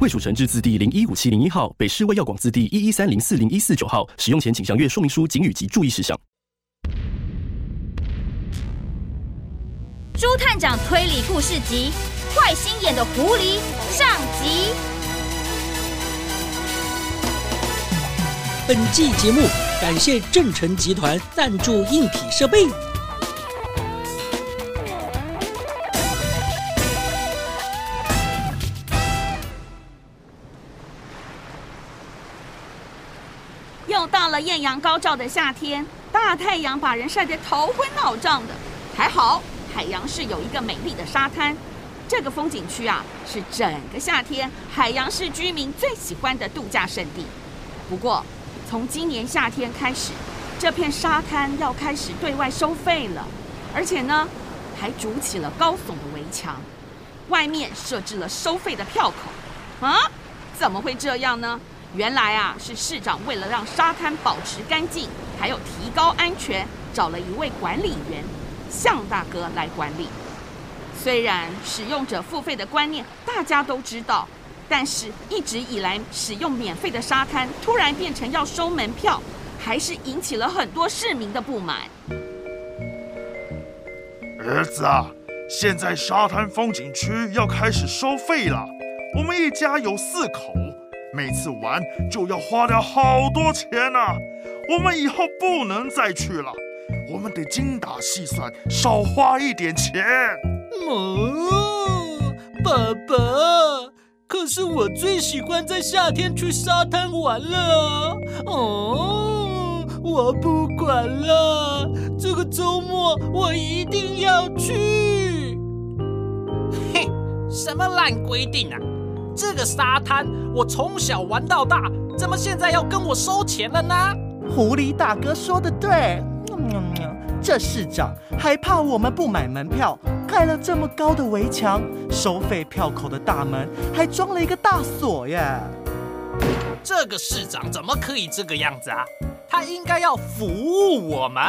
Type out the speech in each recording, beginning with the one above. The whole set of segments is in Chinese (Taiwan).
衛署成製字第零一五七零一號，北市衛藥廣字第一一三零四零一四九號。使用前請詳閱說明書、警語及注意事項。豬探長推理故事集《壞心眼的狐狸》上集。本季節目感謝正成集團贊助硬體設備。又到了艷陽高照的夏天，大太陽把人曬得頭昏腦脹的。還好，海洋市有一個美麗的沙灘，這個風景區啊，是整個夏天海洋市居民最喜歡的度假勝地。不過，從今年夏天開始，這片沙灘要開始對外收費了，而且呢，還築起了高聳的圍牆，外面設置了收費的票口。啊，怎麼會這樣呢？原來啊，是市長為了讓沙灘保持乾淨，還有提高安全，找了一位管理員，向大哥來管理。雖然使用者付費的觀念大家都知道，但是一直以來使用免費的沙灘，突然變成要收門票，還是引起了很多市民的不滿。兒子啊，現在沙灘風景區要開始收費了，我們一家有四口。每次玩就要花掉好多錢呢。啊，我們以後不能再去了，我們得精打細算，少花一點錢。哦，爸爸，可是我最喜歡在夏天去沙灘玩了。哦，我不管了，這個週末我一定要去。嘿，什麼爛規定啊？這個沙灘我從小玩到大，怎麼現在要跟我收錢了呢？狐狸大哥說的對，這市長還怕我們不買門票，蓋了這麼高的圍牆，收費票口的大門還裝了一個大鎖呀！這個市長怎麼可以這個樣子啊？他應該要服務我們，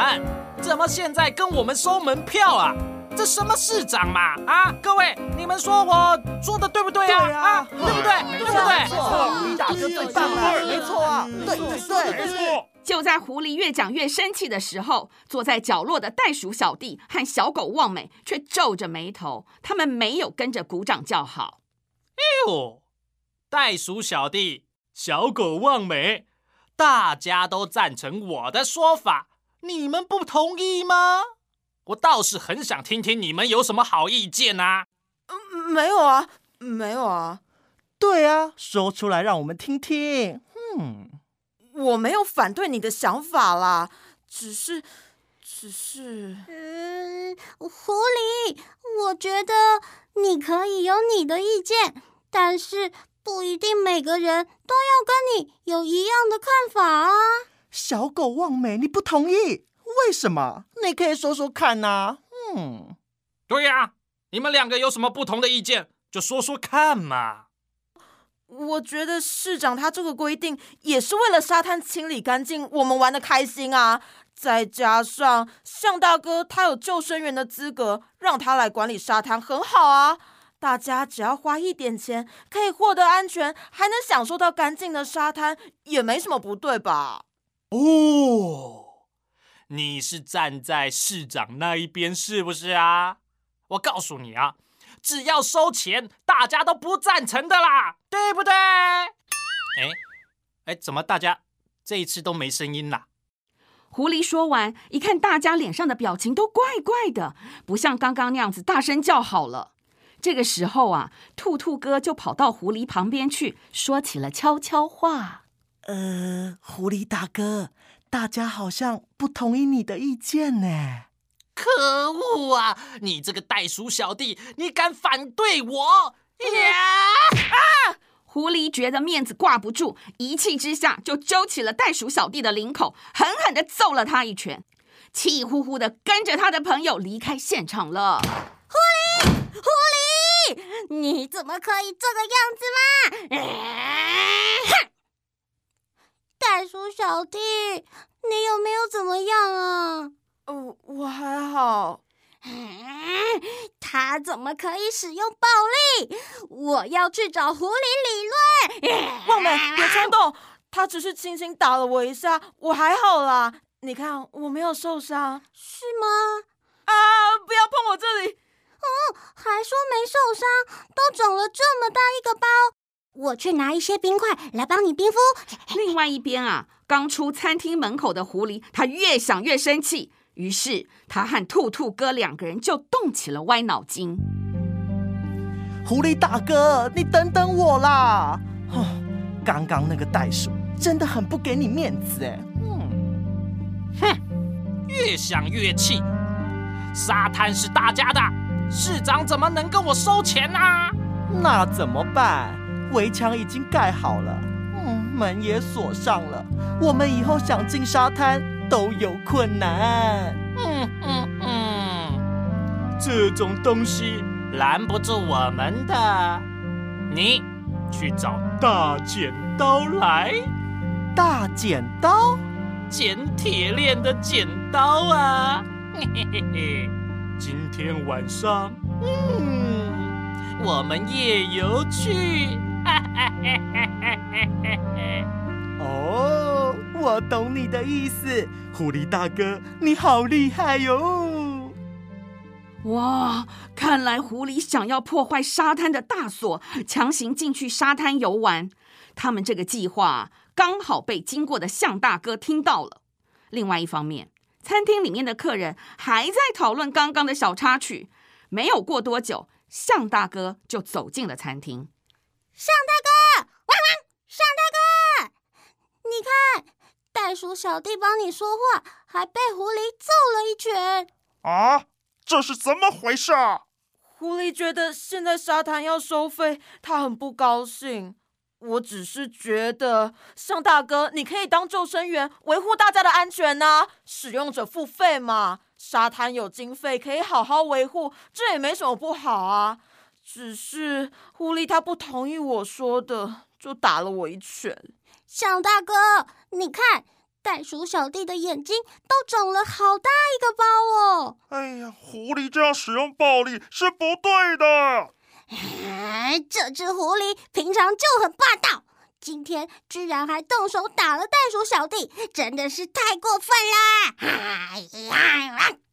怎麼現在跟我們收門票啊？這什麼市長嘛！啊，各位，你們說我做的對不對啊，啊，對啊，啊，對不對？沒錯，對不對？沒錯，沒錯，啊，沒錯，沒錯，沒錯。就在狐狸越講越生氣的時候，坐在角落的袋鼠小弟和小狗旺美卻皺着眉頭，他們沒有跟着鼓掌叫好。哎呦，袋鼠小弟，小狗旺美，大家都贊成我的說法，你們不同意嗎？我倒是很想聽聽你們有什麼好意見吶、啊？嗯，沒有啊，沒有啊。對啊，說出來讓我們聽聽。嗯，我沒有反對你的想法啦，只是，只是，嗯、呃，狐狸，我覺得你可以有你的意見，但是不一定每個人都要跟你有一樣的看法啊。小狗旺美，你不同意？為什麼？你可以說說看吶、啊。嗯，對呀、啊，你們兩個有什麼不同的意見，就說說看嘛。我覺得市長他這個規定也是為了沙灘清理乾淨，我們玩得開心啊。再加上向大哥他有救生員的資格，讓他來管理沙灘很好啊。大家只要花一點錢，可以獲得安全，還能享受到乾淨的沙灘，也沒什麼不對吧？哦。你是站在市長那一邊是不是啊？我告訴你啊，只要收錢，大家都不贊成的啦，對不對？哎，哎，怎麼大家這一次都沒聲音啦？狐狸說完，一看大家臉上的表情都怪怪的，不像剛剛那樣子大聲叫好了。這個時候啊，兔兔哥就跑到狐狸旁邊去說起了悄悄話。呃，狐狸大哥。大家好像不同意你的意見呢！可惡啊！你這個袋鼠小弟，你敢反對我？呀、yeah! 啊！狐狸覺得面子掛不住，一氣之下就揪起了袋鼠小弟的領口，狠狠的揍了他一拳，氣呼呼的跟着他的朋友離開現場了。狐狸，狐狸，你怎麼可以這個樣子嗎？哼、啊！袋鼠小弟，你有沒有怎麼樣啊？哦、呃，我還好，嗯。他怎麼可以使用暴力？我要去找狐狸理論。望美，別衝動，他只是輕輕打了我一下，我還好啦。你看，我沒有受傷，是嗎？啊！不要碰我這裡。嗯，還說沒受傷，都腫了這麼大一個包。我去拿一些冰塊來幫你冰敷。另外一邊啊，剛出餐廳門口的狐狸，他越想越生氣，於是他和兔兔哥兩個人就動起了歪腦筋。狐狸大哥，你等等我啦！哦、剛剛那個袋鼠真的很不給你面子，誒。嗯，哼，越想越氣。沙灘是大家的，市長怎麼能跟我收錢呢，啊？那怎麼辦？圍牆已經蓋好了，嗯，門也鎖上了，我們以後想進沙灘都有困難。嗯嗯嗯，嗯嗯，這種東西攔不住我們的。你去找大剪刀來，大剪刀，剪鐵鏈的剪刀啊！嘿嘿嘿嘿，今天晚上，嗯，我們夜遊去。哦， oh, 我懂你的意思，狐狸大哥，你好厲害喲，哦！哇，看來狐狸想要破壞沙灘的大鎖，強行進去沙灘遊玩。他們這個計劃剛好被經過的象大哥聽到了。另外一方面，餐廳裡面的客人還在討論剛剛的小插曲。沒有過多久，象大哥就走進了餐廳。尚大哥，汪汪！尚大哥，你看，袋鼠小弟幫你說話，還被狐狸揍了一拳。啊，這是怎麼回事啊？狐狸覺得現在沙灘要收費，他很不高興。我只是覺得，尚大哥，你可以當救生員，維護大家的安全呢，啊。使用者付費嘛，沙灘有經費，可以好好維護，這也沒什麼不好啊。只是狐狸他不同意我說的，就打了我一拳。小狼大哥，你看，袋鼠小弟的眼睛都腫了好大一個包哦！哎呀，狐狸這樣使用暴力是不對的。哎，這隻狐狸平常就很霸道，今天居然還動手打了袋鼠小弟，真的是太過分啦！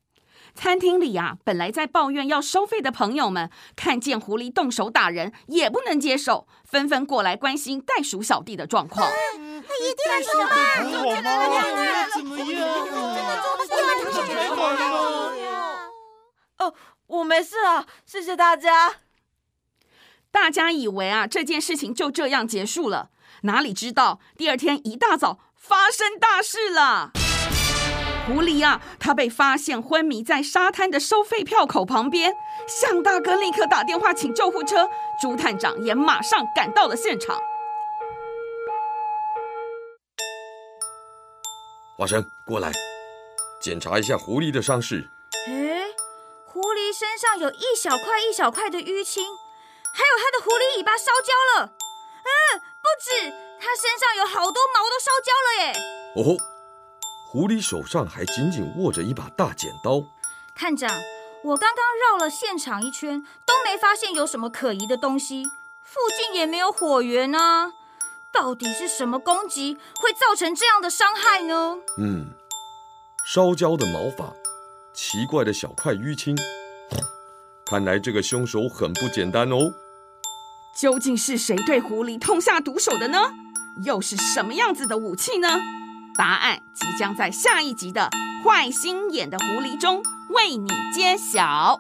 餐廳裡啊，本來在抱怨要收費的朋友們，看見狐狸動手打人，也不能接受，紛紛過來關心袋鼠小弟的狀況。他、嗯哎、一定受傷、嗯、了，怎麼辦呢？怎麼樣、啊？袋鼠小弟怎麼樣？哦，我沒事啊，謝謝大家。大家以為啊，這件事情就這樣結束了，哪裡知道，第二天一大早發生大事了。狐狸啊，他被發現昏迷在沙灘的收費票口旁邊。向大哥立刻打電話請救護車，豬探長也馬上趕到了現場。花生過來，檢查一下狐狸的傷勢。哎，狐狸身上有一小塊一小塊的淤青，還有它的狐狸尾巴燒焦了。嗯、啊，不止，它身上有好多毛都燒焦了耶。哦吼。狐狸手上還緊緊握着一把大剪刀。探長，我剛剛繞了現場一圈，都沒發現有什麼可疑的東西，附近也沒有火源啊。到底是什麼攻擊會造成這樣的傷害呢？嗯，燒焦的毛髮，奇怪的小塊淤青，看來這個凶手很不簡單哦。究竟是誰對狐狸痛下毒手的呢？又是什麼樣子的武器呢？答案即將在下一集的“壞心眼的狐狸”中為你揭曉。